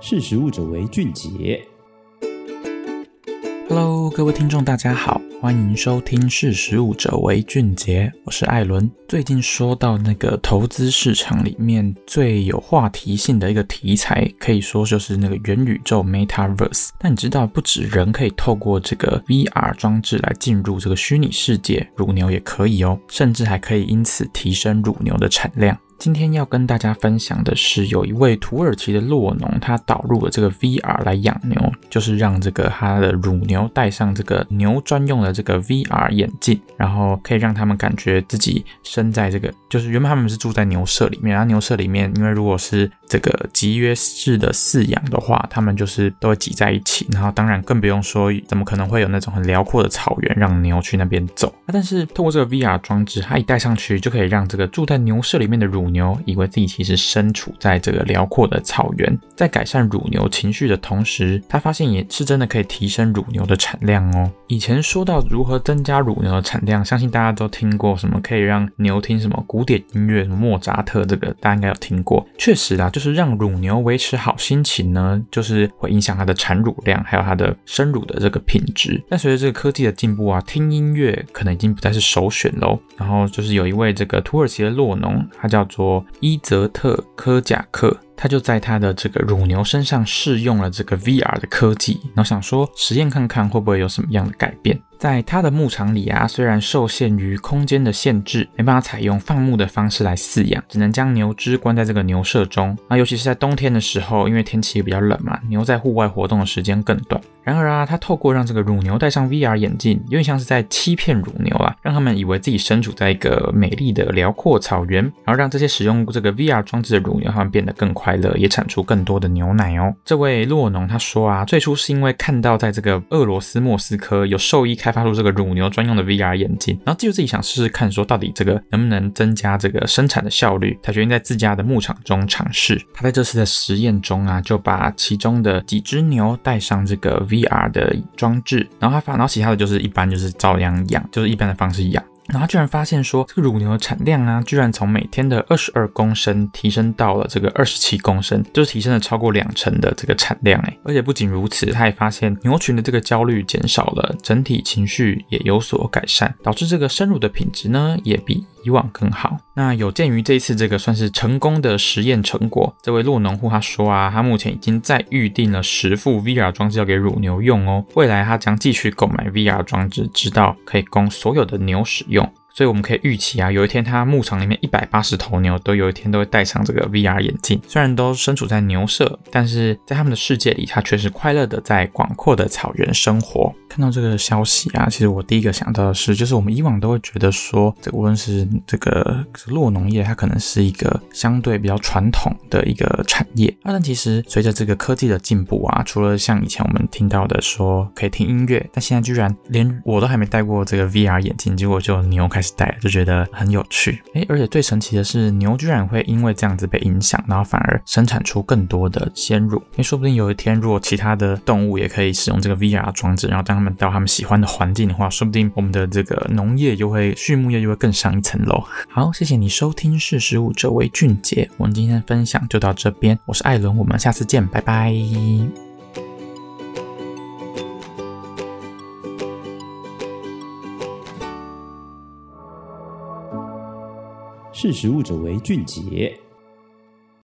識食物者為俊傑。Hello，各位聽眾，大家好，歡迎收聽《識食物者為俊傑》，我是艾倫。最近說到那個投資市場裡面最有話題性的一個題材，可以說就是那個元宇宙 （MetaVerse）。但你知道，不止人可以透過這個 VR 裝置來進入這個虛擬世界，乳牛也可以哦，甚至還可以因此提升乳牛的產量。今天要跟大家分享的是，有一位土耳其的酪農，他導入了這個 VR 來養牛，就是讓這個他的乳牛戴上這個牛專用的這個 VR 眼鏡，然後可以讓他們感覺自己身在這個，就是原本他們是住在牛舍裡面，然後牛舍裡面，因為如果是這個集約式的飼養的話，他們就是都會擠在一起，然後當然更不用說，怎麼可能會有那種很遼闊的草原讓牛去那邊走。啊，但是透過這個 VR 裝置，他一戴上去就可以讓這個住在牛舍裡面的乳牛以為自己其實身處在這個遼闊的草原，在改善乳牛情緒的同時，他發現也是真的可以提升乳牛的產量哦。以前說到如何增加乳牛的產量，相信大家都聽過什麼可以讓牛聽什麼古典音樂，什麼莫扎特，這個大家應該有聽過。確實啦、啊，就是讓乳牛維持好心情呢，就是會影響它的產乳量，還有它的生乳的這個品質。但隨着這個科技的進步啊，聽音樂可能已經不再是首選嘍。然後就是有一位這個土耳其的酪農，他叫做說伊澤特科賈克，他就在他的這個乳牛身上試用了這個 VR 的科技，然後想說實驗看看會不會有什麼樣的改變。在他的牧場裡啊，雖然受限於空間的限制，沒辦法採用放牧的方式來飼養，只能將牛隻關在這個牛舍中。那尤其是在冬天的時候，因為天氣比較冷嘛，牛在戶外活動的時間更短。然而啊，他透過讓這個乳牛戴上 VR 眼鏡，有點像是在欺騙乳牛啊，讓他們以為自己身處在一個美麗的遼闊草原，然後讓這些使用這個 VR 裝置的乳牛，他們變得更快樂，也產出更多的牛奶哦。這位酪農他說啊，最初是因為看到在這個俄羅斯莫斯科有獸醫開。開發出這個乳牛專用的 VR 眼鏡，然後就自己想試試看，說到底這個能不能增加這個生產的效率？他決定在自家的牧場中嘗試。他在這次的實驗中啊，就把其中的幾隻牛戴上這個 VR 的裝置，然後他反，然後其他的就是一般就是照樣養，就是一般的方式養。然後居然發現說，這個乳牛的產量啊，居然從每天的二十二公升提升到了這個二十七公升，就是提升了超過兩成的這個產量哎！而且不僅如此，他也發現牛群的這個焦慮減少了，整體情緒也有所改善，導致這個生乳的品質呢也比。以往更好。那有鑑於這一次這個算是成功的實驗成果，這位酪農戶他說啊，他目前已經在預定了十副 VR 裝置要給乳牛用哦。未來他將繼續購買 VR 裝置，直到可以供所有的牛使用。所以我們可以預期啊，有一天他牧場裡面一百八十頭牛都有一天都會戴上這個 VR 眼鏡。雖然都身處在牛舍，但是在他們的世界裡，他卻是快樂的在廣闊的草原生活。看到這個消息啊，其實我第一個想到的是，就是我們以往都會覺得說，這個、無論是這個、這個、酪農業，它可能是一個相對比較傳統的一個產業。啊、但其實隨着這個科技的進步啊，除了像以前我們聽到的說可以聽音樂，但現在居然連我都還沒戴過這個 VR 眼鏡，結果就牛開始戴了，就覺得很有趣。哎，而且最神奇的是，牛居然會因為這樣子被影響，然後反而生產出更多的鮮乳。因為說不定有一天，如果其他的動物也可以使用這個 VR 裝置，然後讓他們。到他們喜歡的環境的話說不定我們的這個農業就會、畜牧業就會更上一層樓。好，謝謝你收聽《識食物者為俊傑》，我們今天的分享就到這邊。我是艾倫，我們下次見，拜拜。識食物者為俊傑。